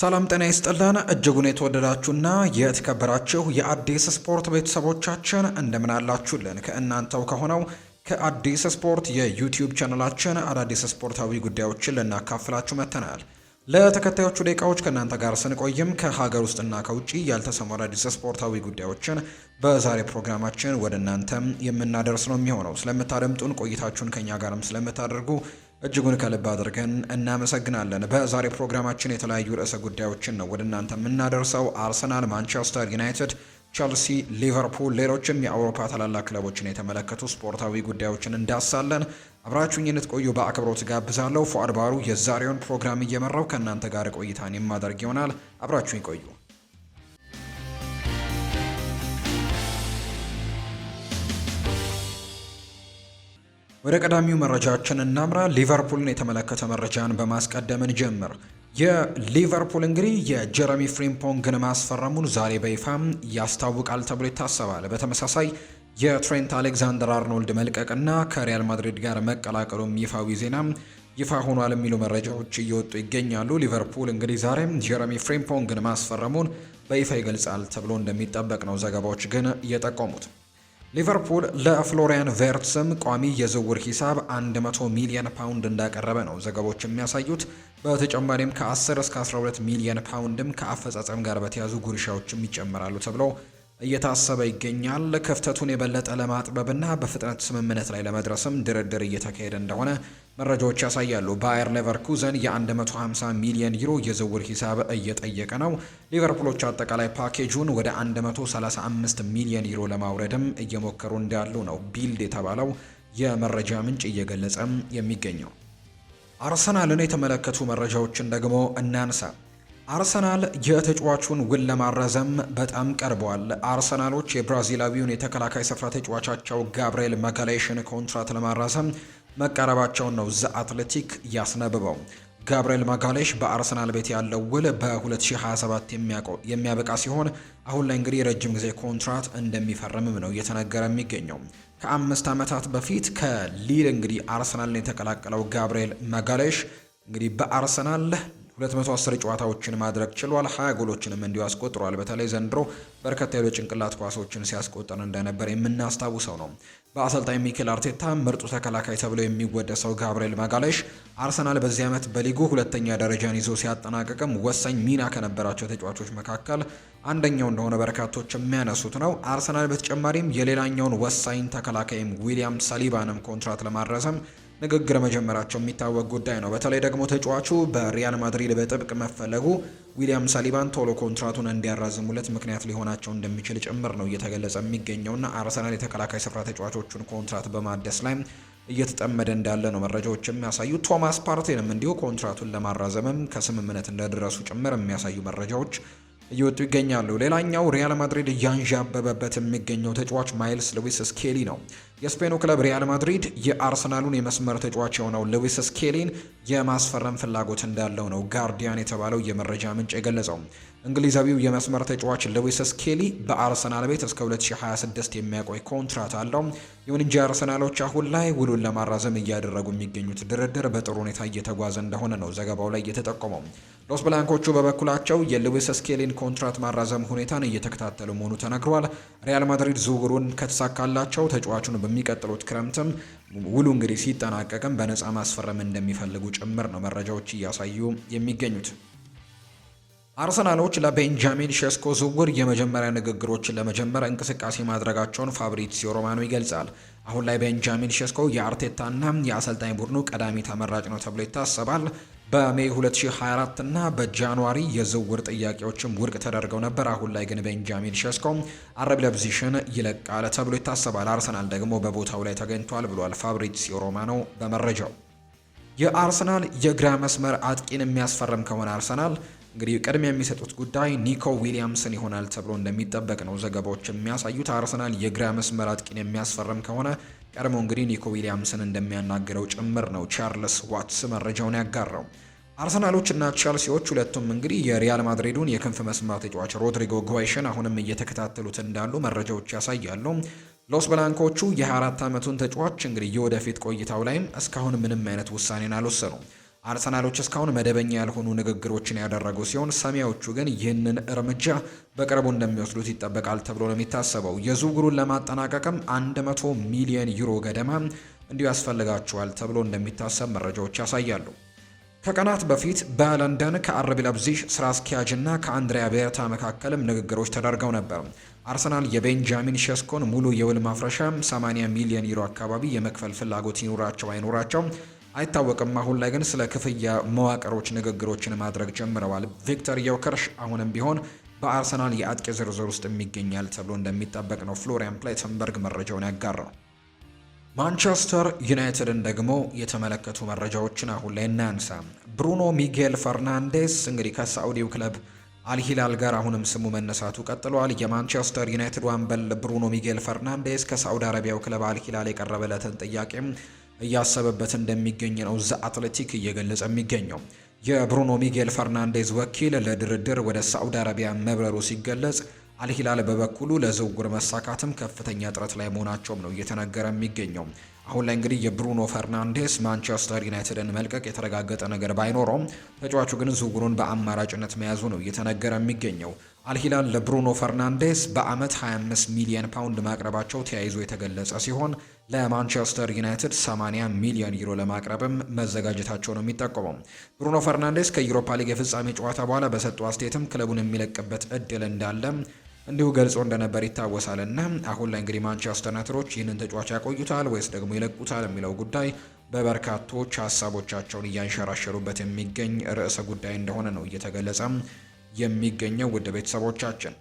ሰላም ጤና ይስጥልን እጅጉን የተወደዳችሁና የተከበራችሁ የአዲስ ስፖርት ቤተሰቦቻችን እንደምን አላችሁልን? ከእናንተው ከሆነው ከአዲስ ስፖርት የዩቲዩብ ቻናላችን አዳዲስ ስፖርታዊ ጉዳዮችን ልናካፍላችሁ መጥተናል። ለተከታዮቹ ደቂቃዎች ከእናንተ ጋር ስንቆይም ከሀገር ውስጥና ከውጭ ያልተሰሙ አዳዲስ ስፖርታዊ ጉዳዮችን በዛሬ ፕሮግራማችን ወደ እናንተም የምናደርስ ነው የሚሆነው። ስለምታደምጡን ቆይታችሁን ከኛ ጋርም ስለምታደርጉ እጅጉን ከልብ አድርገን እናመሰግናለን። በዛሬ ፕሮግራማችን የተለያዩ ርዕሰ ጉዳዮችን ነው ወደ እናንተ የምናደርሰው። አርሰናል፣ ማንቸስተር ዩናይትድ፣ ቸልሲ፣ ሊቨርፑል፣ ሌሎችም የአውሮፓ ታላላቅ ክለቦችን የተመለከቱ ስፖርታዊ ጉዳዮችን እንዳሳለን። አብራችሁኝ እንድትቆዩ በአክብሮት ጋብዛለሁ። ፏድባሩ ባሩ የዛሬውን ፕሮግራም እየመራው ከእናንተ ጋር ቆይታን የማደርግ ይሆናል። አብራችሁኝ ቆዩ። ወደ ቀዳሚው መረጃችን እናምራ። ሊቨርፑልን የተመለከተ መረጃን በማስቀደምን ጀምር። የሊቨርፑል እንግዲህ የጀረሚ ፍሪምፖንግን ማስፈረሙን ዛሬ በይፋ ያስታውቃል ተብሎ ይታሰባል። በተመሳሳይ የትሬንት አሌክዛንደር አርኖልድ መልቀቅና ከሪያል ማድሪድ ጋር መቀላቀሉም ይፋዊ ዜና ይፋ ሆኗል የሚሉ መረጃዎች እየወጡ ይገኛሉ። ሊቨርፑል እንግዲህ ዛሬም ጀረሚ ፍሪምፖንግን ማስፈረሙን በይፋ ይገልጻል ተብሎ እንደሚጠበቅ ነው ዘገባዎች ግን እየጠቆሙት ሊቨርፑል ለፍሎሪያን ቬርትስም ቋሚ የዝውውር ሂሳብ 100 ሚሊዮን ፓውንድ እንዳቀረበ ነው ዘገቦች የሚያሳዩት። በተጨማሪም ከ10 እስከ 12 ሚሊዮን ፓውንድም ከአፈጻጸም ጋር በተያዙ ጉርሻዎችም ይጨምራሉ ተብሎ እየታሰበ ይገኛል። ክፍተቱን የበለጠ ለማጥበብና በፍጥነት ስምምነት ላይ ለመድረስም ድርድር እየተካሄደ እንደሆነ መረጃዎች ያሳያሉ። ባየር ሌቨርኩዘን የ150 ሚሊዮን ዩሮ የዝውውር ሂሳብ እየጠየቀ ነው። ሊቨርፑሎች አጠቃላይ ፓኬጁን ወደ 135 ሚሊዮን ዩሮ ለማውረድም እየሞከሩ እንዳሉ ነው ቢልድ የተባለው የመረጃ ምንጭ እየገለጸም የሚገኘው። አርሰናልን የተመለከቱ መረጃዎችን ደግሞ እናንሳ። አርሰናል የተጫዋቹን ውል ለማራዘም በጣም ቀርበዋል። አርሰናሎች የብራዚላዊውን የተከላካይ ስፍራ ተጫዋቻቸው ጋብርኤል መጋሌሽን ኮንትራት ለማራዘም መቃረባቸውን ነው ዘ አትሌቲክ ያስነብበው። ጋብርኤል ማጋሌሽ በአርሰናል ቤት ያለው ውል በ2027 የሚያበቃ ሲሆን አሁን ላይ እንግዲህ የረጅም ጊዜ ኮንትራት እንደሚፈርምም ነው እየተነገረ የሚገኘው። ከአምስት ዓመታት በፊት ከሊል እንግዲህ አርሰናልን የተቀላቀለው ጋብርኤል ማጋሌሽ እንግዲህ በአርሰናል 210 ጨዋታዎችን ማድረግ ችሏል። 20 ጎሎችንም እንዲሁ አስቆጥሯል። በተለይ ዘንድሮ በርከት ያሉ ጭንቅላት ኳሶችን ሲያስቆጥር እንደነበር የምናስታውሰው ነው። በአሰልጣኝ ሚኬል አርቴታ ምርጡ ተከላካይ ተብሎ የሚወደሰው ጋብርኤል ማጋለሽ አርሰናል በዚህ ዓመት በሊጉ ሁለተኛ ደረጃን ይዞ ሲያጠናቀቅም ወሳኝ ሚና ከነበራቸው ተጫዋቾች መካከል አንደኛው እንደሆነ በርካቶች የሚያነሱት ነው። አርሰናል በተጨማሪም የሌላኛውን ወሳኝ ተከላካይም ዊሊያም ሳሊባንም ኮንትራት ለማድረስም ንግግር መጀመራቸው የሚታወቅ ጉዳይ ነው። በተለይ ደግሞ ተጫዋቹ በሪያል ማድሪድ በጥብቅ መፈለጉ ዊሊያም ሳሊባን ቶሎ ኮንትራቱን እንዲያራዝሙለት ምክንያት ሊሆናቸው እንደሚችል ጭምር ነው እየተገለጸ የሚገኘውና አርሰናል የተከላካይ ስፍራ ተጫዋቾቹን ኮንትራት በማደስ ላይ እየተጠመደ እንዳለ ነው መረጃዎች የሚያሳዩ። ቶማስ ፓርቴንም እንዲሁ ኮንትራቱን ለማራዘምም ከስምምነት እንደደረሱ ጭምር የሚያሳዩ መረጃዎች እየወጡ ይገኛሉ። ሌላኛው ሪያል ማድሪድ እያንዣበበበት የሚገኘው ተጫዋች ማይልስ ሉዊስ ስኬሊ ነው። የስፔኑ ክለብ ሪያል ማድሪድ የአርሰናሉን የመስመር ተጫዋች የሆነው ሉዊስ ስኬሊን የማስፈረም ፍላጎት እንዳለው ነው ጋርዲያን የተባለው የመረጃ ምንጭ የገለጸው። እንግሊዛዊው የመስመር ተጫዋች ሉዊስ ስኬሊ በአርሰናል ቤት እስከ 2026 የሚያቆይ ኮንትራት አለው። ይሁን እንጂ አርሰናሎች አሁን ላይ ውሉን ለማራዘም እያደረጉ የሚገኙት ድርድር በጥሩ ሁኔታ እየተጓዘ እንደሆነ ነው ዘገባው ላይ እየተጠቆመው። ሎስ ብላንኮቹ በበኩላቸው የሉዊስ ስኬሊን ኮንትራት ማራዘም ሁኔታን እየተከታተሉ መሆኑ ተነግሯል። ሪያል ማድሪድ ዝውውሩን ከተሳካላቸው ተጫዋቹን በሚቀጥሉት ክረምትም ውሉ እንግዲህ ሲጠናቀቅም በነፃ ማስፈረም እንደሚፈልጉ ጭምር ነው መረጃዎች እያሳዩ የሚገኙት። አርሰናሎች ለቤንጃሚን ሼስኮ ዝውውር የመጀመሪያ ንግግሮችን ለመጀመር እንቅስቃሴ ማድረጋቸውን ፋብሪሲዮ ሮማኖ ይገልጻል። አሁን ላይ ቤንጃሚን ሼስኮ የአርቴታና የአሰልጣኝ ቡድኑ ቀዳሚ ተመራጭ ነው ተብሎ ይታሰባል። በሜይ 2024 እና በጃንዋሪ የዝውውር ጥያቄዎችም ውድቅ ተደርገው ነበር። አሁን ላይ ግን ቤንጃሚን ሸስኮ አረብ ለብዚሽን ይለቃል ተብሎ ይታሰባል። አርሰናል ደግሞ በቦታው ላይ ተገኝቷል ብሏል ፋብሪሲዮ ሮማኖ በመረጃው። የአርሰናል የግራ መስመር አጥቂን የሚያስፈርም ከሆነ አርሰናል እንግዲህ ቅድሚያ የሚሰጡት ጉዳይ ኒኮ ዊሊያምስን ይሆናል ተብሎ እንደሚጠበቅ ነው ዘገባዎች የሚያሳዩት። አርሰናል የግራ መስመር አጥቂን የሚያስፈርም ከሆነ ቀድሞ እንግዲህ ኒኮ ዊሊያምስን እንደሚያናግረው ጭምር ነው ቻርልስ ዋትስ መረጃውን ያጋራው። አርሰናሎች እና ቻልሲዎች ሁለቱም እንግዲህ የሪያል ማድሪዱን የክንፍ መስመር ተጫዋች ሮድሪጎ ጓይሽን አሁንም እየተከታተሉት እንዳሉ መረጃዎች ያሳያሉ። ሎስ ብላንኮቹ የ24 ዓመቱን ተጫዋች እንግዲህ የወደፊት ቆይታው ላይም እስካሁን ምንም አይነት ውሳኔን አልወሰኑም። አርሰናሎች እስካሁን መደበኛ ያልሆኑ ንግግሮችን ያደረጉ ሲሆን ሰሚያዎቹ ግን ይህንን እርምጃ በቅርቡ እንደሚወስዱት ይጠበቃል ተብሎ ነው የሚታሰበው። የዝውውሩን ለማጠናቀቅም 100 ሚሊዮን ዩሮ ገደማ እንዲሁ ያስፈልጋቸዋል ተብሎ እንደሚታሰብ መረጃዎች ያሳያሉ። ከቀናት በፊት በለንደን ከአርቢ ለብዚሽ ስራ አስኪያጅና ከአንድሪያ ቤርታ መካከልም ንግግሮች ተደርገው ነበር። አርሰናል የቤንጃሚን ሼስኮን ሙሉ የውል ማፍረሻ 80 ሚሊዮን ዩሮ አካባቢ የመክፈል ፍላጎት ይኑራቸው አይኖራቸው አይታወቅም። አሁን ላይ ግን ስለ ክፍያ መዋቅሮች ንግግሮችን ማድረግ ጀምረዋል። ቪክተር ዮከርሽ አሁንም ቢሆን በአርሰናል የአጥቂ ዝርዝር ውስጥ የሚገኛል ተብሎ እንደሚጠበቅ ነው ፍሎሪያን ፕላይተንበርግ መረጃውን ያጋራው። ማንቸስተር ዩናይትድን ደግሞ የተመለከቱ መረጃዎችን አሁን ላይ እናንሳ። ብሩኖ ሚጌል ፈርናንዴስ እንግዲህ ከሳዑዲው ክለብ አልሂላል ጋር አሁንም ስሙ መነሳቱ ቀጥሏል። የማንቸስተር ዩናይትድ ዋንበል ብሩኖ ሚጌል ፈርናንዴስ ከሳዑዲ አረቢያው ክለብ አልሂላል የቀረበለትን ጥያቄም እያሰበበት እንደሚገኝ ነው ዘ አትሌቲክ እየገለጸ የሚገኘው። የብሩኖ ሚጌል ፈርናንዴዝ ወኪል ለድርድር ወደ ሳዑዲ አረቢያ መብረሩ ሲገለጽ አልሂላል በበኩሉ ለዝውውር መሳካትም ከፍተኛ ጥረት ላይ መሆናቸውም ነው እየተነገረ የሚገኘው። አሁን ላይ እንግዲህ የብሩኖ ፈርናንዴስ ማንቸስተር ዩናይትድን መልቀቅ የተረጋገጠ ነገር ባይኖረውም ተጫዋቹ ግን ዝውውሩን በአማራጭነት መያዙ ነው እየተነገረ የሚገኘው። አልሂላል ለብሩኖ ፈርናንዴስ በአመት 25 ሚሊዮን ፓውንድ ማቅረባቸው ተያይዞ የተገለጸ ሲሆን ለማንቸስተር ዩናይትድ 80 ሚሊዮን ዩሮ ለማቅረብም መዘጋጀታቸው ነው የሚጠቆመው። ብሩኖ ፈርናንዴስ ከዩሮፓ ሊግ የፍጻሜ ጨዋታ በኋላ በሰጠው አስተያየትም ክለቡን የሚለቅበት እድል እንዳለም። እንዲሁ ገልጾ እንደነበር ይታወሳል። እና አሁን ላይ እንግዲህ ማንቸስተር ዩናይትዶች ይህንን ተጫዋች ያቆዩታል ወይስ ደግሞ ይለቁታል የሚለው ጉዳይ በበርካቶች ሀሳቦቻቸውን እያንሸራሸሩበት የሚገኝ ርዕሰ ጉዳይ እንደሆነ ነው እየተገለጸ የሚገኘው። ውድ ቤተሰቦቻችን፣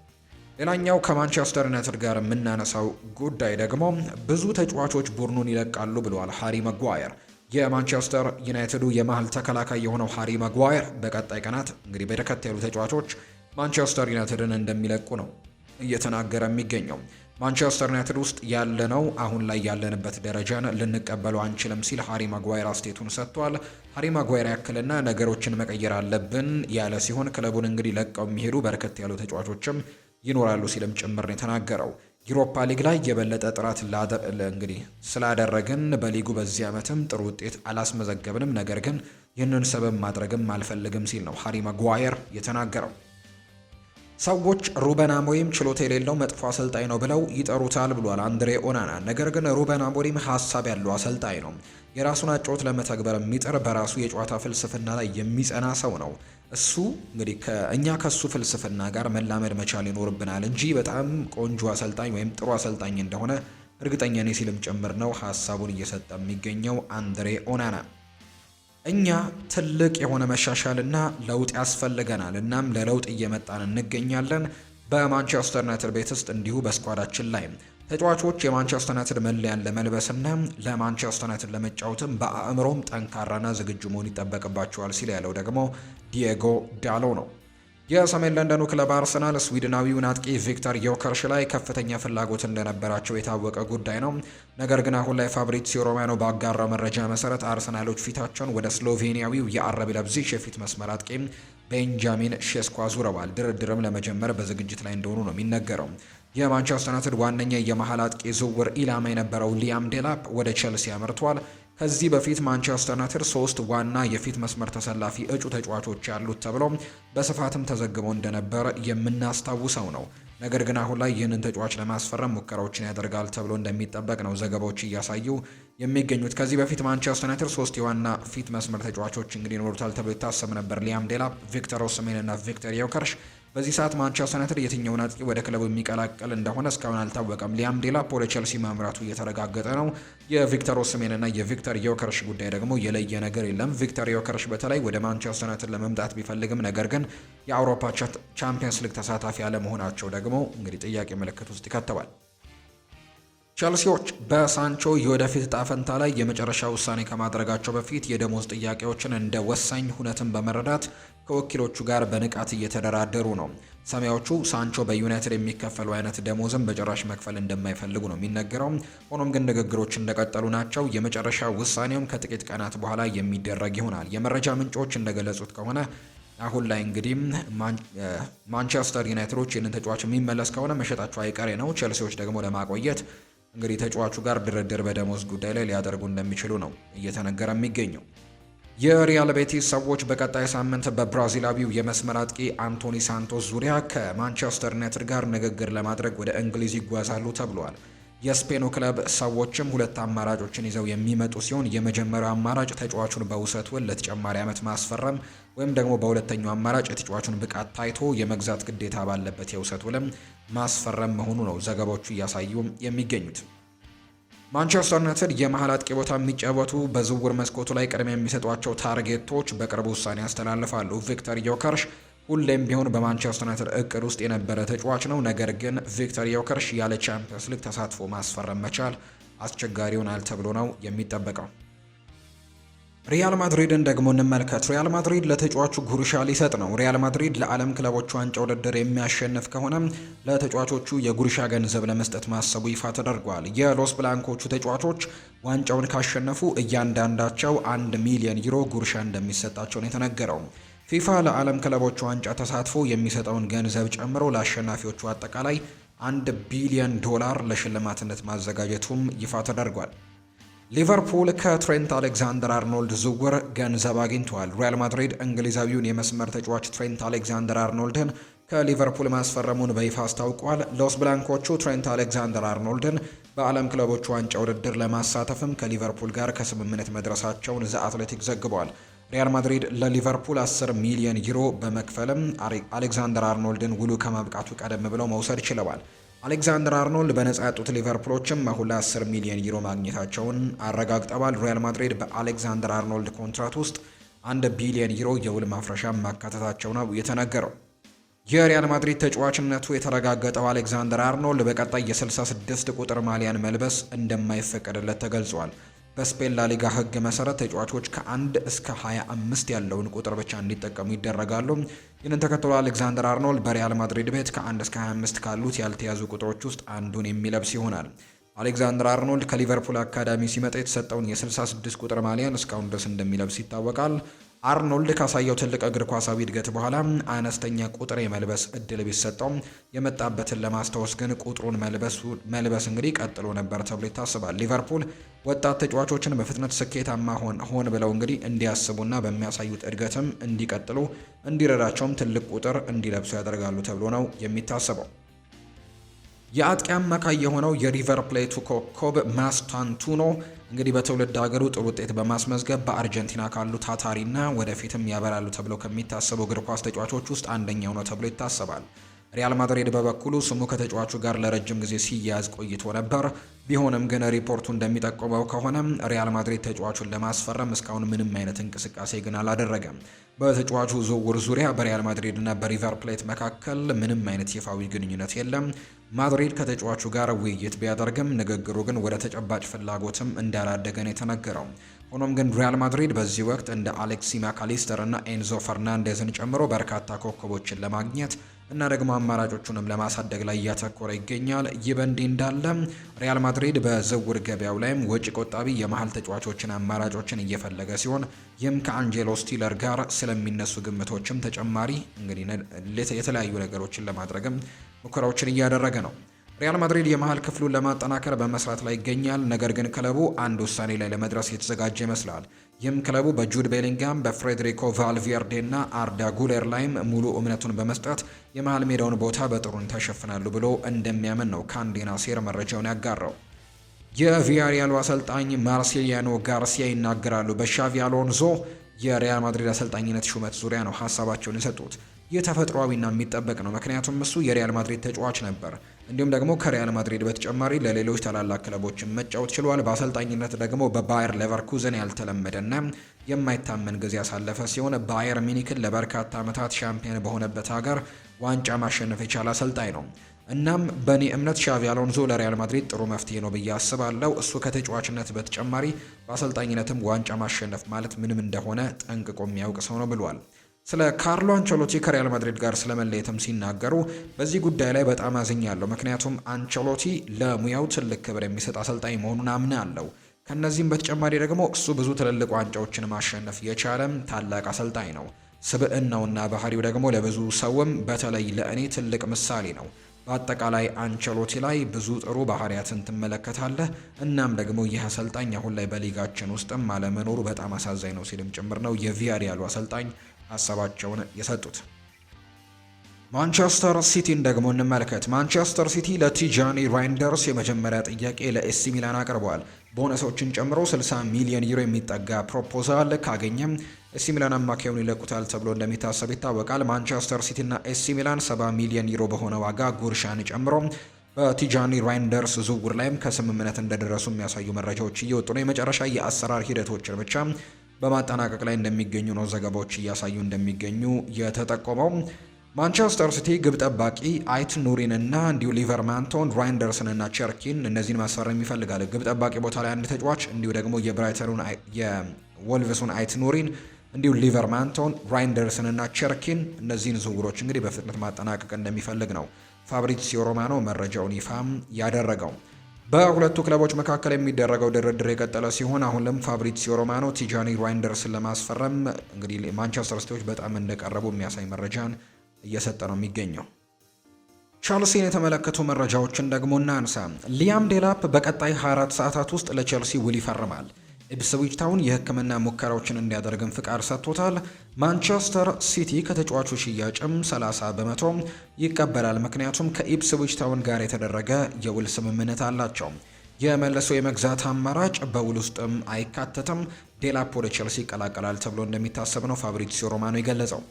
ሌላኛው ከማንቸስተር ዩናይትድ ጋር የምናነሳው ጉዳይ ደግሞ ብዙ ተጫዋቾች ቡድኑን ይለቃሉ ብለዋል ሃሪ መጓየር። የማንቸስተር ዩናይትዱ የመሀል ተከላካይ የሆነው ሃሪ መጓየር በቀጣይ ቀናት እንግዲህ በርከት ያሉ ተጫዋቾች ማንቸስተር ዩናይትድን እንደሚለቁ ነው እየተናገረ የሚገኘው። ማንቸስተር ዩናይትድ ውስጥ ያለነው አሁን ላይ ያለንበት ደረጃን ልንቀበለው አንችልም ሲል ሃሪ ማጓየር አስቴቱን ሰጥቷል። ሃሪ ማጓየር ያክልና ነገሮችን መቀየር አለብን ያለ ሲሆን ክለቡን እንግዲህ ለቀው የሚሄዱ በርከት ያሉ ተጫዋቾችም ይኖራሉ ሲልም ጭምር ነው የተናገረው። ዩሮፓ ሊግ ላይ የበለጠ ጥራት እንግዲህ ስላደረግን በሊጉ በዚህ ዓመትም ጥሩ ውጤት አላስመዘገብንም፣ ነገር ግን ይህንን ሰበብ ማድረግም አልፈልግም ሲል ነው ሃሪ ማጓየር የተናገረው። ሰዎች ሩበን አሞሪም ችሎታ የሌለው መጥፎ አሰልጣኝ ነው ብለው ይጠሩታል ብሏል አንድሬ ኦናና። ነገር ግን ሩበን አሞሪም ሀሳብ ያለው አሰልጣኝ ነው። የራሱን አጨዋወት ለመተግበር የሚጥር በራሱ የጨዋታ ፍልስፍና ላይ የሚጸና ሰው ነው። እሱ እንግዲህ እኛ ከሱ ፍልስፍና ጋር መላመድ መቻል ይኖርብናል እንጂ በጣም ቆንጆ አሰልጣኝ ወይም ጥሩ አሰልጣኝ እንደሆነ እርግጠኛ ነኝ ሲልም ጭምር ነው ሀሳቡን እየሰጠ የሚገኘው አንድሬ ኦናና። እኛ ትልቅ የሆነ መሻሻልና ለውጥ ያስፈልገናል። እናም ለለውጥ እየመጣን እንገኛለን። በማንቸስተር ዩናይትድ ቤት ውስጥ እንዲሁ በስኳዳችን ላይ ተጫዋቾች የማንቸስተር ዩናይትድ መለያን ለመልበስና ለማንቸስተር ዩናይትድ ለመጫወትም በአእምሮም ጠንካራና ዝግጁ መሆን ይጠበቅባቸዋል ሲል ያለው ደግሞ ዲየጎ ዳሎ ነው። የሰሜን ለንደኑ ክለብ አርሰናል ስዊድናዊውን አጥቂ ቪክተር ዮከርሽ ላይ ከፍተኛ ፍላጎት እንደነበራቸው የታወቀ ጉዳይ ነው። ነገር ግን አሁን ላይ ፋብሪዚዮ ሮማኖ ባጋራው መረጃ መሰረት አርሰናሎች ፊታቸውን ወደ ስሎቬኒያዊው የአረብ ለብዚሽ የፊት መስመር አጥቂ ቤንጃሚን ሼስኮ አዙረዋል። ድርድርም ለመጀመር በዝግጅት ላይ እንደሆኑ ነው የሚነገረው። የማንቸስተር ዩናይትድ ዋነኛ የመሀል አጥቂ ዝውውር ኢላማ የነበረው ሊያም ዴላፕ ወደ ቼልሲ አመርቷል። ከዚህ በፊት ማንቸስተር ዩናይትድ ሶስት ዋና የፊት መስመር ተሰላፊ እጩ ተጫዋቾች ያሉት ተብሎ በስፋትም ተዘግቦ እንደነበር የምናስታውሰው ነው። ነገር ግን አሁን ላይ ይህንን ተጫዋች ለማስፈረም ሙከራዎችን ያደርጋል ተብሎ እንደሚጠበቅ ነው ዘገባዎች እያሳዩ የሚገኙት። ከዚህ በፊት ማንቸስተር ዩናይትድ ሶስት የዋና ፊት መስመር ተጫዋቾች እንግዲህ ይኖሩታል ተብሎ ይታሰብ ነበር። ሊያም ዴላፕ፣ ቪክተር ኦስሜን እና ቪክተር ዮከርሽ በዚህ ሰዓት ማንቸስተር ዩናይትድ የትኛውን አጥቂ ወደ ክለቡ የሚቀላቀል እንደሆነ እስካሁን አልታወቀም። ሊያም ዴላፕ ወደ ቼልሲ ማምራቱ እየተረጋገጠ ነው። የቪክተር ኦስሜንና የቪክተር ዮከርሽ ጉዳይ ደግሞ የለየ ነገር የለም። ቪክተር ዮከርሽ በተለይ ወደ ማንቸስተር ዩናይትድ ለመምጣት ቢፈልግም ነገር ግን የአውሮፓ ቻምፒየንስ ሊግ ተሳታፊ ያለመሆናቸው ደግሞ እንግዲህ ጥያቄ ምልክት ውስጥ ይከተዋል። ቸልሲዎች በሳንቾ የወደፊት ጣፈንታ ላይ የመጨረሻ ውሳኔ ከማድረጋቸው በፊት የደሞዝ ጥያቄዎችን እንደ ወሳኝ ሁነትን በመረዳት ከወኪሎቹ ጋር በንቃት እየተደራደሩ ነው። ሰማያዎቹ ሳንቾ በዩናይትድ የሚከፈሉ አይነት ደሞዝም በጭራሽ መክፈል እንደማይፈልጉ ነው የሚነገረው። ሆኖም ግን ንግግሮች እንደቀጠሉ ናቸው። የመጨረሻ ውሳኔውም ከጥቂት ቀናት በኋላ የሚደረግ ይሆናል። የመረጃ ምንጮች እንደገለጹት ከሆነ አሁን ላይ እንግዲህ ማንቸስተር ዩናይትዶች ይህንን ተጫዋች የሚመለስ ከሆነ መሸጣቸው አይቀሬ ነው። ቼልሲዎች ደግሞ ለማቆየት እንግዲህ ተጫዋቹ ጋር ድርድር በደሞዝ ጉዳይ ላይ ሊያደርጉ እንደሚችሉ ነው እየተነገረ የሚገኘው። የሪያል ቤቲስ ሰዎች በቀጣይ ሳምንት በብራዚላዊው የመስመር አጥቂ አንቶኒ ሳንቶስ ዙሪያ ከማንቸስተር ዩናይትድ ጋር ንግግር ለማድረግ ወደ እንግሊዝ ይጓዛሉ ተብሏል። የስፔኑ ክለብ ሰዎችም ሁለት አማራጮችን ይዘው የሚመጡ ሲሆን የመጀመሪያው አማራጭ ተጫዋቹን በውሰት ውል ለተጨማሪ ዓመት ማስፈረም ወይም ደግሞ በሁለተኛው አማራጭ የተጫዋቹን ብቃት ታይቶ የመግዛት ግዴታ ባለበት የውሰት ውልም ማስፈረም መሆኑ ነው ዘገባዎቹ እያሳዩ የሚገኙት። ማንቸስተር ዩናይትድ የመሀል አጥቂ ቦታ የሚጫወቱ በዝውውር መስኮቱ ላይ ቅድሚያ የሚሰጧቸው ታርጌቶች በቅርብ ውሳኔ ያስተላልፋሉ። ቪክተር ዮከርሽ ሁሌም ቢሆን በማንቸስተር ዩናይትድ እቅድ ውስጥ የነበረ ተጫዋች ነው። ነገር ግን ቪክተር ዮከርሽ ያለ ቻምፒየንስ ሊግ ተሳትፎ ማስፈረም መቻል አስቸጋሪ ይሆናል ተብሎ ነው የሚጠበቀው። ሪያል ማድሪድን ደግሞ እንመልከት። ሪያል ማድሪድ ለተጫዋቹ ጉርሻ ሊሰጥ ነው። ሪያል ማድሪድ ለዓለም ክለቦች ዋንጫ ውድድር የሚያሸንፍ ከሆነ ለተጫዋቾቹ የጉርሻ ገንዘብ ለመስጠት ማሰቡ ይፋ ተደርጓል። የሎስ ብላንኮቹ ተጫዋቾች ዋንጫውን ካሸነፉ እያንዳንዳቸው አንድ ሚሊዮን ዩሮ ጉርሻ እንደሚሰጣቸው ነው የተነገረው። ፊፋ ለዓለም ክለቦች ዋንጫ ተሳትፎ የሚሰጠውን ገንዘብ ጨምሮ ለአሸናፊዎቹ አጠቃላይ አንድ ቢሊዮን ዶላር ለሽልማትነት ማዘጋጀቱም ይፋ ተደርጓል። ሊቨርፑል ከትሬንት አሌክዛንደር አርኖልድ ዝውውር ገንዘብ አግኝተዋል። ሪያል ማድሪድ እንግሊዛዊውን የመስመር ተጫዋች ትሬንት አሌክዛንደር አርኖልድን ከሊቨርፑል ማስፈረሙን በይፋ አስታውቋል። ሎስ ብላንኮቹ ትሬንት አሌክዛንደር አርኖልድን በዓለም ክለቦች ዋንጫ ውድድር ለማሳተፍም ከሊቨርፑል ጋር ከስምምነት መድረሳቸውን ዘ አትሌቲክ ዘግቧል። ሪያል ማድሪድ ለሊቨርፑል 10 ሚሊዮን ዩሮ በመክፈልም አሌክዛንደር አርኖልድን ውሉ ከማብቃቱ ቀደም ብለው መውሰድ ችለዋል። አሌክዛንደር አርኖልድ በነጻ ያጡት ሊቨርፑሎችም አሁን ለ10 ሚሊዮን ዩሮ ማግኘታቸውን አረጋግጠዋል። ሪያል ማድሪድ በአሌክዛንደር አርኖልድ ኮንትራት ውስጥ አንድ ቢሊዮን ዩሮ የውል ማፍረሻ ማካተታቸው ነው የተነገረው። የሪያል ማድሪድ ተጫዋችነቱ የተረጋገጠው አሌክዛንደር አርኖልድ በቀጣይ የ66 ቁጥር ማሊያን መልበስ እንደማይፈቀድለት ተገልጿል። በስፔን ላሊጋ ሕግ መሰረት ተጫዋቾች ከአንድ እስከ 25 ያለውን ቁጥር ብቻ እንዲጠቀሙ ይደረጋሉ። ይህንን ተከትሎ አሌክዛንደር አርኖልድ በሪያል ማድሪድ ቤት ከ1 እስከ 25 ካሉት ያልተያዙ ቁጥሮች ውስጥ አንዱን የሚለብስ ይሆናል። አሌክዛንደር አርኖልድ ከሊቨርፑል አካዳሚ ሲመጣ የተሰጠውን የ66 ቁጥር ማሊያን እስካሁን ድረስ እንደሚለብስ ይታወቃል። አርኖልድ ካሳየው ትልቅ እግር ኳሳዊ እድገት በኋላ አነስተኛ ቁጥር የመልበስ እድል ቢሰጠውም የመጣበትን ለማስታወስ ግን ቁጥሩን መልበስ እንግዲህ ቀጥሎ ነበር ተብሎ ይታስባል። ሊቨርፑል ወጣት ተጫዋቾችን በፍጥነት ስኬታማ ሆን ብለው እንግዲህ እንዲያስቡና በሚያሳዩት እድገትም እንዲቀጥሉ እንዲረዳቸውም ትልቅ ቁጥር እንዲለብሱ ያደርጋሉ ተብሎ ነው የሚታሰበው። የአጥቂ አማካይ የሆነው የሪቨር ፕሌቱ ኮከብ ማስታንቱኖ እንግዲህ በትውልድ ሀገሩ ጥሩ ውጤት በማስመዝገብ በአርጀንቲና ካሉ ታታሪና ወደፊትም ያበራሉ ተብለው ከሚታሰቡ እግር ኳስ ተጫዋቾች ውስጥ አንደኛው ነው ተብሎ ይታሰባል። ሪያል ማድሪድ በበኩሉ ስሙ ከተጫዋቹ ጋር ለረጅም ጊዜ ሲያያዝ ቆይቶ ነበር። ቢሆንም ግን ሪፖርቱ እንደሚጠቁመው ከሆነ ሪያል ማድሪድ ተጫዋቹን ለማስፈረም እስካሁን ምንም አይነት እንቅስቃሴ ግን አላደረገም። በተጫዋቹ ዝውውር ዙሪያ በሪያል ማድሪድ እና በሪቨር ፕሌት መካከል ምንም አይነት ይፋዊ ግንኙነት የለም። ማድሪድ ከተጫዋቹ ጋር ውይይት ቢያደርግም ንግግሩ ግን ወደ ተጨባጭ ፍላጎትም እንዳላደገ ነው የተነገረው። ሆኖም ግን ሪያል ማድሪድ በዚህ ወቅት እንደ አሌክሲ ማካሊስተር እና ኤንዞ ፈርናንዴዝን ጨምሮ በርካታ ኮከቦችን ለማግኘት እና ደግሞ አማራጮቹንም ለማሳደግ ላይ እያተኮረ ይገኛል። ይህ በእንዲህ እንዳለ ሪያል ማድሪድ በዝውውር ገበያው ላይም ወጪ ቆጣቢ የመሀል ተጫዋቾችን አማራጮችን እየፈለገ ሲሆን ይህም ከአንጄሎ ስቲለር ጋር ስለሚነሱ ግምቶችም ተጨማሪ እንግዲህ የተለያዩ ነገሮችን ለማድረግም ሙከራዎችን እያደረገ ነው። ሪያል ማድሪድ የመሀል ክፍሉን ለማጠናከር በመስራት ላይ ይገኛል። ነገር ግን ክለቡ አንድ ውሳኔ ላይ ለመድረስ የተዘጋጀ ይመስላል። ይህም ክለቡ በጁድ ቤሊንጋም፣ በፍሬድሪኮ ቫልቬርዴ እና አርዳ ጉሌር ላይም ሙሉ እምነቱን በመስጠት የመሀል ሜዳውን ቦታ በጥሩን ተሸፍናሉ ብሎ እንደሚያምን ነው ካንዴና ሴር መረጃውን ያጋራው። የቪያሪያሉ አሰልጣኝ ማርሴሊያኖ ጋርሲያ ይናገራሉ። በሻቪ አሎንዞ የሪያል ማድሪድ አሰልጣኝነት ሹመት ዙሪያ ነው ሀሳባቸውን የሰጡት። ይህ ተፈጥሯዊና የሚጠበቅ ነው፣ ምክንያቱም እሱ የሪያል ማድሪድ ተጫዋች ነበር። እንዲሁም ደግሞ ከሪያል ማድሪድ በተጨማሪ ለሌሎች ታላላቅ ክለቦችን መጫወት ችሏል። በአሰልጣኝነት ደግሞ በባየር ሌቨርኩዘን ያልተለመደና የማይታመን ጊዜ ያሳለፈ ሲሆን ባየር ሚኒክን ለበርካታ ዓመታት ሻምፒዮን በሆነበት ሀገር ዋንጫ ማሸነፍ የቻለ አሰልጣኝ ነው። እናም በእኔ እምነት ሻቪ አሎንዞ ለሪያል ማድሪድ ጥሩ መፍትሄ ነው ብዬ አስባለሁ። እሱ ከተጫዋችነት በተጨማሪ በአሰልጣኝነትም ዋንጫ ማሸነፍ ማለት ምንም እንደሆነ ጠንቅቆ የሚያውቅ ሰው ነው ብሏል። ስለ ካርሎ አንቸሎቲ ከሪያል ማድሪድ ጋር ስለመለየትም ሲናገሩ በዚህ ጉዳይ ላይ በጣም አዝኛለሁ፣ ምክንያቱም አንቸሎቲ ለሙያው ትልቅ ክብር የሚሰጥ አሰልጣኝ መሆኑን አምነ አለው። ከነዚህም በተጨማሪ ደግሞ እሱ ብዙ ትልልቅ ዋንጫዎችን ማሸነፍ የቻለም ታላቅ አሰልጣኝ ነው። ስብዕናውና ባህሪው ደግሞ ለብዙ ሰውም በተለይ ለእኔ ትልቅ ምሳሌ ነው። በአጠቃላይ አንቸሎቲ ላይ ብዙ ጥሩ ባህሪያትን ትመለከታለህ። እናም ደግሞ ይህ አሰልጣኝ አሁን ላይ በሊጋችን ውስጥም አለመኖሩ በጣም አሳዛኝ ነው ሲልም ጭምር ነው የቪያሪያሉ አሰልጣኝ ሀሳባቸውን የሰጡት። ማንቸስተር ሲቲን ደግሞ እንመልከት። ማንቸስተር ሲቲ ለቲጃኒ ራይንደርስ የመጀመሪያ ጥያቄ ለኤሲ ሚላን አቅርበዋል። ቦነሶችን ጨምሮ 60 ሚሊዮን ዩሮ የሚጠጋ ፕሮፖዛል ካገኘም ኤሲ ሚላን አማካዩን ይለቁታል ተብሎ እንደሚታሰብ ይታወቃል። ማንቸስተር ሲቲና ኤሲ ሚላን 70 ሚሊዮን ዩሮ በሆነ ዋጋ ጉርሻን ጨምሮ በቲጃኒ ራይንደርስ ዝውውር ላይም ከስምምነት እንደደረሱ የሚያሳዩ መረጃዎች እየወጡ ነው። የመጨረሻ የአሰራር ሂደቶችን ብቻ በማጠናቀቅ ላይ እንደሚገኙ ነው ዘገባዎች እያሳዩ እንደሚገኙ የተጠቆመው። ማንቸስተር ሲቲ ግብ ጠባቂ አይት ኑሪን እና እንዲሁ ሊቨርማንቶን ራይንደርስን ቸርኪን እነዚህን ማስፈረም ይፈልጋል። ግብ ጠባቂ ቦታ ላይ አንድ ተጫዋች እንዲሁ ደግሞ የብራይተኑን የወልቭሱን አይት ኑሪን እንዲሁ ሊቨርማንቶን ራይንደርስን ቸርኪን እነዚህን ዝውውሮች እንግዲህ በፍጥነት ማጠናቀቅ እንደሚፈልግ ነው ፋብሪዚዮ ሮማኖ መረጃውን ይፋም ያደረገው። በሁለቱ ክለቦች መካከል የሚደረገው ድርድር የቀጠለ ሲሆን አሁንም ፋብሪሲዮ ሮማኖ ቲጃኒ ራይንደርስን ለማስፈረም እንግዲህ ማንቸስተር ሲቲዎች በጣም እንደቀረቡ የሚያሳይ መረጃን እየሰጠ ነው የሚገኘው። ቸልሲን የተመለከቱ መረጃዎችን ደግሞ እናንሳ። ሊያም ዴላፕ በቀጣይ 24 ሰዓታት ውስጥ ለቸልሲ ውል ይፈርማል። ኢፕስዊች የህክምና የሕክምና ሙከራዎችን እንዲያደርግም ፍቃድ ሰጥቶታል። ማንቸስተር ሲቲ ከተጫዋቹ ሽያጭም 30 በመቶ ይቀበላል፣ ምክንያቱም ከኢፕስዊች ታውን ጋር የተደረገ የውል ስምምነት አላቸው። የመለሶ የመግዛት አማራጭ በውል ውስጥም አይካተትም። ዴላፕ ወደ ቼልሲ ይቀላቀላል ተብሎ እንደሚታሰብ ነው ፋብሪዚዮ ሮማኖ የገለጸው።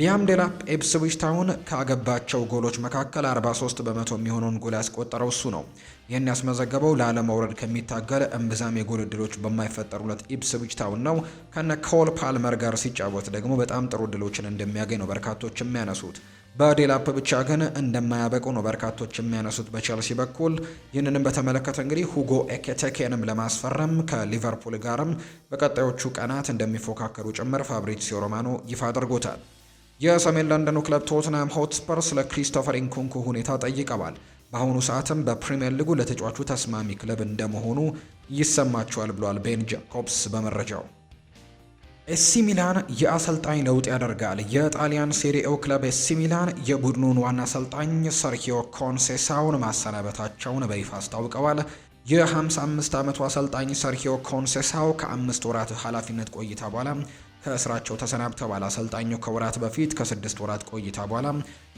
ሊያም ዴላፕ ኤፕስዊች ታውን ካገባቸው ጎሎች መካከል 43 በመቶ የሚሆነውን ጎል ያስቆጠረው እሱ ነው። ይህን ያስመዘገበው ላለመውረድ ከሚታገል እምብዛም የጎል እድሎች በማይፈጠሩለት ኢፕስዊች ታውን ነው። ከነ ኮል ፓልመር ጋር ሲጫወት ደግሞ በጣም ጥሩ እድሎችን እንደሚያገኝ ነው በርካቶች የሚያነሱት። በዴላፕ ብቻ ግን እንደማያበቁ ነው በርካቶች የሚያነሱት በቸልሲ በኩል። ይህንንም በተመለከተ እንግዲህ ሁጎ ኤኬቴኬንም ለማስፈረም ከሊቨርፑል ጋርም በቀጣዮቹ ቀናት እንደሚፎካከሩ ጭምር ፋብሪዚዮ ሮማኖ ይፋ አድርጎታል። የሰሜን ለንደኑ ክለብ ቶትናም ሆትስፐር ስለ ክሪስቶፈር ኢንኩንኩ ሁኔታ ጠይቀዋል። በአሁኑ ሰዓትም በፕሪምየር ሊጉ ለተጫዋቹ ተስማሚ ክለብ እንደመሆኑ ይሰማቸዋል ብሏል ቤን ጃኮብስ በመረጃው። ኤሲ ሚላን የአሰልጣኝ ለውጥ ያደርጋል። የጣሊያን ሴሪኤው ክለብ ኤሲ ሚላን የቡድኑን ዋና አሰልጣኝ ሰርኪዮ ኮንሴሳውን ማሰናበታቸውን በይፋ አስታውቀዋል። የ55 ዓመቱ አሰልጣኝ ሰርኪዮ ኮንሴሳው ከአምስት ወራት ኃላፊነት ቆይታ በኋላ ከስራቸው ተሰናብተዋል። አሰልጣኙ ከወራት በፊት ከስድስት ወራት ቆይታ በኋላ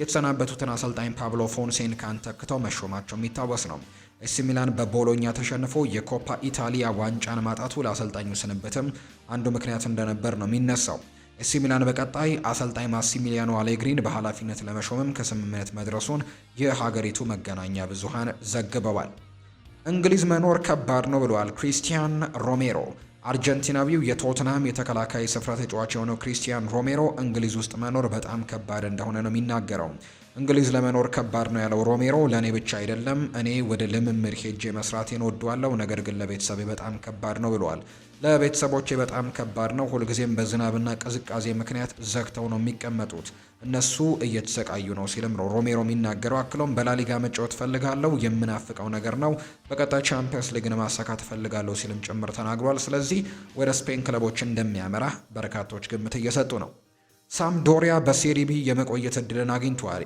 የተሰናበቱትን አሰልጣኝ ፓብሎ ፎንሴካን ተክተው መሾማቸው የሚታወስ ነው። ኤሲ ሚላን በቦሎኛ ተሸንፎ የኮፓ ኢታሊያ ዋንጫን ማጣቱ ለአሰልጣኙ ስንብትም አንዱ ምክንያት እንደነበር ነው የሚነሳው። ኤሲ ሚላን በቀጣይ አሰልጣኝ ማሲሚሊያኖ አሌግሪን በኃላፊነት ለመሾምም ከስምምነት መድረሱን የሀገሪቱ መገናኛ ብዙሃን ዘግበዋል። እንግሊዝ መኖር ከባድ ነው ብለዋል ክሪስቲያን ሮሜሮ። አርጀንቲናዊው የቶትናም የተከላካይ ስፍራ ተጫዋች የሆነው ክሪስቲያን ሮሜሮ እንግሊዝ ውስጥ መኖር በጣም ከባድ እንደሆነ ነው የሚናገረው። እንግሊዝ ለመኖር ከባድ ነው ያለው ሮሜሮ፣ ለእኔ ብቻ አይደለም፣ እኔ ወደ ልምምድ ሄጄ መስራቴን ወደዋለሁ፣ ነገር ግን ለቤተሰቤ በጣም ከባድ ነው ብለዋል። ለቤተሰቦቼ በጣም ከባድ ነው፣ ሁልጊዜም በዝናብና ቅዝቃዜ ምክንያት ዘግተው ነው የሚቀመጡት እነሱ እየተሰቃዩ ነው ሲልም ነው ሮሜሮ የሚናገረው። አክሎም በላሊጋ መጫወት ፈልጋለሁ፣ የምናፍቀው ነገር ነው። በቀጣይ ቻምፒየንስ ሊግን ማሳካት ፈልጋለሁ ሲልም ጭምር ተናግሯል። ስለዚህ ወደ ስፔን ክለቦች እንደሚያመራ በርካቶች ግምት እየሰጡ ነው። ሳምፕዶሪያ በሴሪቢ የመቆየት እድልን አግኝቷል።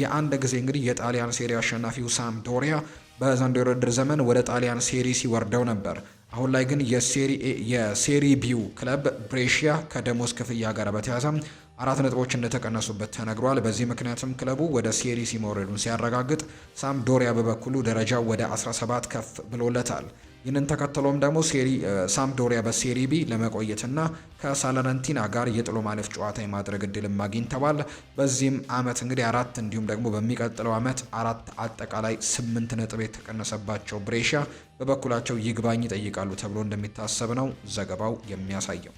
የአንድ ጊዜ እንግዲህ የጣሊያን ሴሪ አሸናፊው ሳምዶሪያ በዘንድሮው የውድድር ዘመን ወደ ጣሊያን ሴሪ ሲወርደው ነበር። አሁን ላይ ግን የሴሪ ቢው ክለብ ብሬሽያ ከደሞዝ ክፍያ ጋር በተያያዘ አራት ነጥቦች እንደተቀነሱበት ተነግሯል። በዚህ ምክንያትም ክለቡ ወደ ሴሪ መውረዱን ሲያረጋግጥ፣ ዶሪያ በበኩሉ ደረጃው ወደ 17 ከፍ ብሎለታል። ይህንን ተከትሎም ደግሞ ሳምፕዶሪያ በሴሪ ቢ ለመቆየትና ከሳለረንቲና ጋር የጥሎ ማለፍ ጨዋታ የማድረግ እድልም አግኝተዋል። በዚህም አመት እንግዲህ አራት እንዲሁም ደግሞ በሚቀጥለው አመት አራት አጠቃላይ ስምንት ነጥብ የተቀነሰባቸው ብሬሻ በበኩላቸው ይግባኝ ይጠይቃሉ ተብሎ እንደሚታሰብ ነው ዘገባው የሚያሳየው።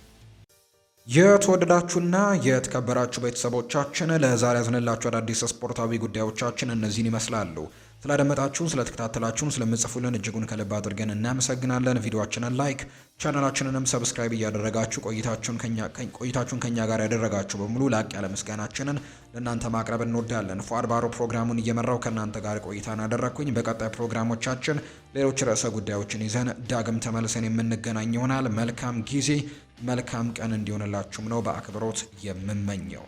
የተወደዳችሁና የተከበራችሁ ቤተሰቦቻችን ለዛሬ ያዝንላችሁ አዳዲስ ስፖርታዊ ጉዳዮቻችን እነዚህን ይመስላሉ። ስላደመጣችሁን፣ ስለተከታተላችሁን፣ ስለምጽፉልን እጅጉን ከልብ አድርገን እናመሰግናለን። ቪዲዮችንን ላይክ ቻናላችንንም ሰብስክራይብ እያደረጋችሁ ቆይታችሁን ከኛ ጋር ያደረጋችሁ በሙሉ ላቅ ያለ ምስጋናችንን ለእናንተ ማቅረብ እንወዳለን። ፏድ ባሮ ፕሮግራሙን እየመራው ከእናንተ ጋር ቆይታን አደረግኩኝ። በቀጣይ ፕሮግራሞቻችን ሌሎች ርዕሰ ጉዳዮችን ይዘን ዳግም ተመልሰን የምንገናኝ ይሆናል። መልካም ጊዜ መልካም ቀን እንዲሆንላችሁም ነው በአክብሮት የምመኘው።